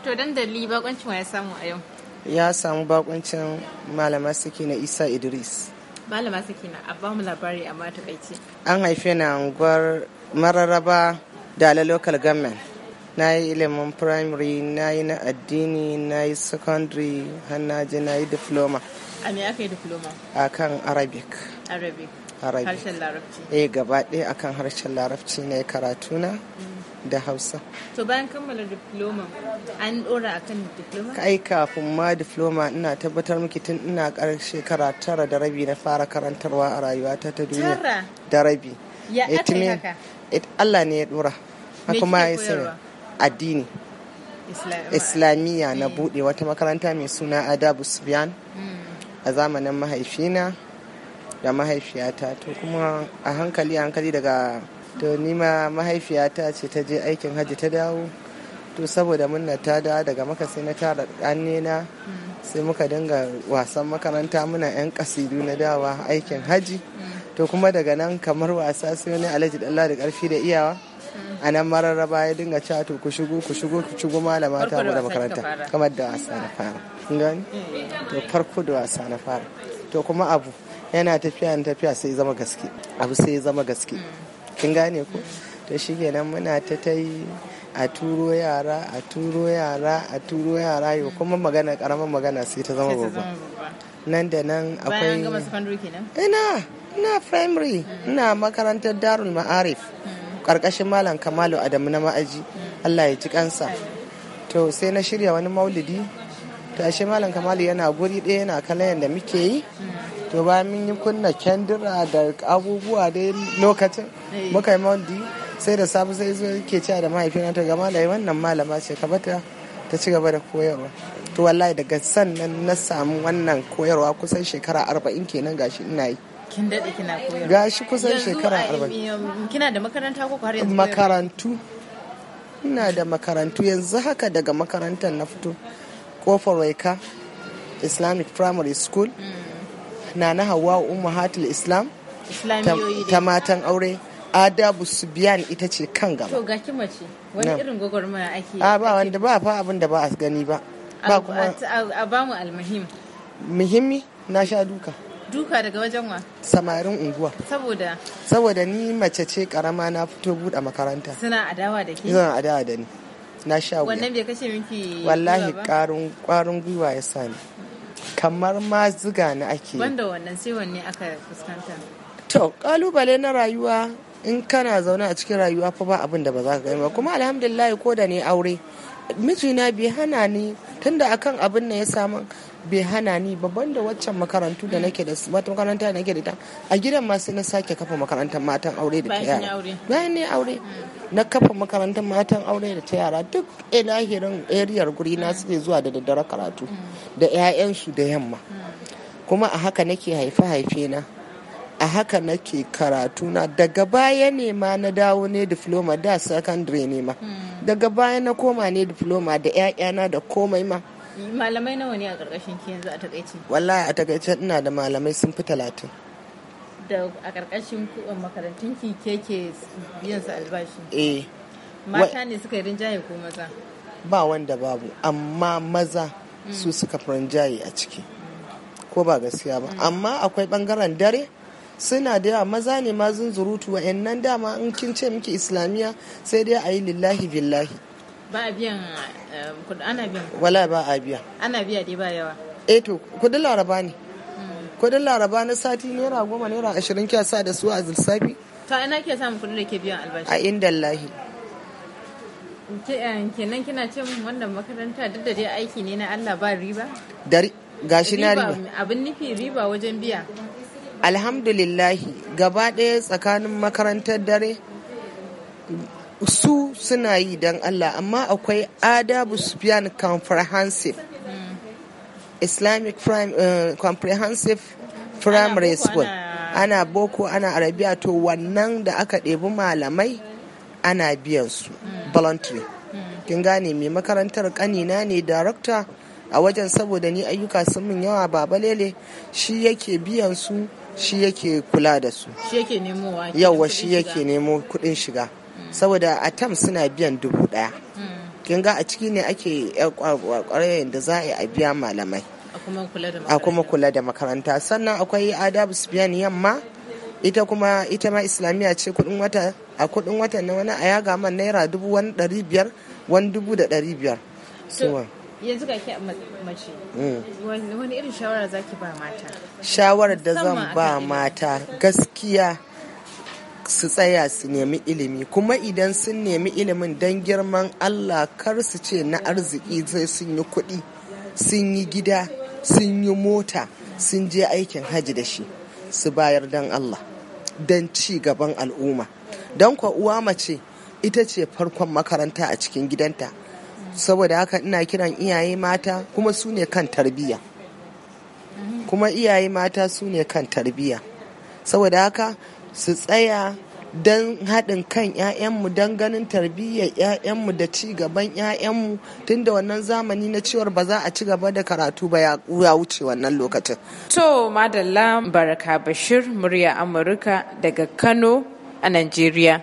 To dandali bakoncin wa ya samu a yau? Ya samu bakoncin malama suke na Isa Idris. Malama suke na abba mu labari amma kaice. An haife na unguwar mararaba ala local government. Na yi ilimin primary, na yi na addini, na yi secondary, har na je na yi diploma. A me aka yi diploma? A kan Arabic. Arabic. harshen larabci eh gaba ɗaya akan harshen larabci na karatuna da hausa to bayan kammala diploma an ɗora akan diploma kai kafin ma diploma ina tabbatar miki tun ina ƙar shekara tara da rabi na fara karantarwa a rayuwata ta duniya tara da rabi ya aka yi haka Allah ne ya ɗora haka kuma ya sani addini islamiyya na eh. buɗe wata makaranta mai suna adabu subyan hmm. a zamanin mahaifina da mahaifiyata to kuma a hankali a hankali daga to ma mahaifiyata ce ta je aikin hajji ta dawo to saboda muna ta dawo daga maka sai na tara na sai muka dinga wasan makaranta muna 'yan kasidu na dawa aikin hajji to kuma daga nan kamar wasa sai wani alhaji dalla da karfi da iyawa a nan mararraba ya dinga cewa to ku shigo ku shigo ku shigo malama ta da makaranta kamar da wasa na fara gani mm. to farko da wasa na fara to kuma abu yana tafiya na tafiya sai zama gaske abu sai zama gaske kin gane ko to shikenan muna ta ta yi a turo yara a turo yara a turo yara yau kuma magana karamar magana sai ta zama babba nan da nan akwai ina ina primary ina makarantar darul ma'arif karkashin malam kamalu adamu na ma'aji mm. allah ya ji kansa to sai na shirya wani maulidi to ashe malam kamali yana guri ɗaya yana kala yadda muke yi to bayan mun yi kunna kendira da abubuwa dai lokacin eh. muka yi maundi sai da safe sai zo ke cewa da mahaifina ta ga malai wannan malama ce ka bata ta ci gaba da koyarwa to wallahi daga sannan na samu wannan koyarwa kusan shekara arba'in kenan gashi ina yi kin daɗe kina koyarwa gashi kusan shekara arba'in um, kina da makaranta ko har yanzu makarantu ina da makarantu yanzu haka daga makarantar na fito kofar waika islamic primary school na na hawa ummahatul islam ta matan aure adabu subiyan ita ce kan gaba to gaki mace wani irin gwagwarmaya ake a ba wanda ba fa abin da ba a gani ba ba kuma a ba mu almuhim muhimmi na sha duka duka daga wajen wa samarin unguwa saboda saboda ni mace ce karama na fito buɗe makaranta suna adawa da ke suna adawa da ni na sha wuya wannan bai kashe miki wallahi karun kwarin gwiwa ya sani kamar ma ziga na ake banda wannan sai wanne aka fuskanta to kalubale na rayuwa in kana zaune a cikin rayuwa fa ba abin da ba za ka gani ba kuma alhamdulillah ko da ne aure mijina bai hana ni tunda akan abin na ya samu bai hana ni babban da waccan makarantu da nake da wata makaranta da nake da ta a gidan ma na sake kafa makarantar matan aure da ta yara bayan ne aure na kafa makarantar matan aure da ta yara duk ilahirin ariyar guri na suke zuwa da daddare karatu da 'ya'yansu da yamma kuma a haka nake haife haife na a haka nake karatu na daga baya ne ma na dawo ne diploma da secondary ne ma daga baya na koma ne diploma da 'ya'yana da komai ma malamai nawa ne a ƙarƙashin ki yanzu a takaice wallahi a takaice ina da malamai sun fi talatin da a ƙarƙashin um, makarantun ki keke yin su albashi eh mata ne suka yi rinjaye ko maza ba wanda babu amma maza su mm. suka fi rinjaye a ciki ko ba gaskiya ba mm. amma akwai bangaren dare suna da yawa maza ne ma zunzurutu nan dama in kin ce miki islamiya sai dai a yi lillahi billahi ba a biyan eh, ana biyan wala ba a biya ana biya dai ba yawa E, to kudin laraba ne hmm. kudin laraba na sati naira goma naira ashirin kya sa da su a lissafi To ina ke samun kudin da ke biyan albashi a inda lahi eh, kenan kina ce wannan makaranta duk da dai aiki ne na Allah ba riba dari gashi na riba abin nufi riba wajen biya alhamdulillahi gaba ɗaya tsakanin makarantar dare su suna yi don allah amma akwai adabu sufyan comprehensive islamic firamare eh, comprehensive primary school ana boko ana arabiya to wannan da aka ɗebi malamai ana biyan su hmm. voluntary hmm. kin gane mai makarantar kanina ne darakta a wajen saboda ni ayyuka sun min yawa baba lele shi yake biyan su shi yake kula da su shi yake nemo yawa shi yake nemo kudin shiga hmm. saboda a tam suna biyan dubu daya hmm. kin ga a ciki ne ake eh, kwarayen da za a a biya malamai a kuma kula da makaranta sannan akwai adabu su biyan yamma ita kuma ita ma islamiyya ce kudin wata a kudin wata na wani a yaga man naira dubu wani dari biyar wani dubu da dari biyar shawara shawarar da zan ba mata gaskiya su tsaya su nemi ilimi kuma idan sun nemi ilimin don girman allah kar su ce na arziki sai sun yi kuɗi sun yi gida sun yi mota sun je aikin hajji da shi su bayar don allah don ci gaban al'umma don kwa uwa mace ita ce farkon makaranta a cikin gidanta saboda haka ina kiran iyaye mata kuma su ne kan tarbiyya kuma iyaye mata su ne kan tarbiyya saboda haka su tsaya don haɗin kan 'ya'yanmu don ganin tarbiyyar 'ya'yanmu da ci gaban 'ya'yanmu tun da wannan zamani na cewar ba za a ci gaba da karatu ba ya wuce wannan lokacin. To Madalla Baraka Bashir murya Amurka daga Kano a Najeriya.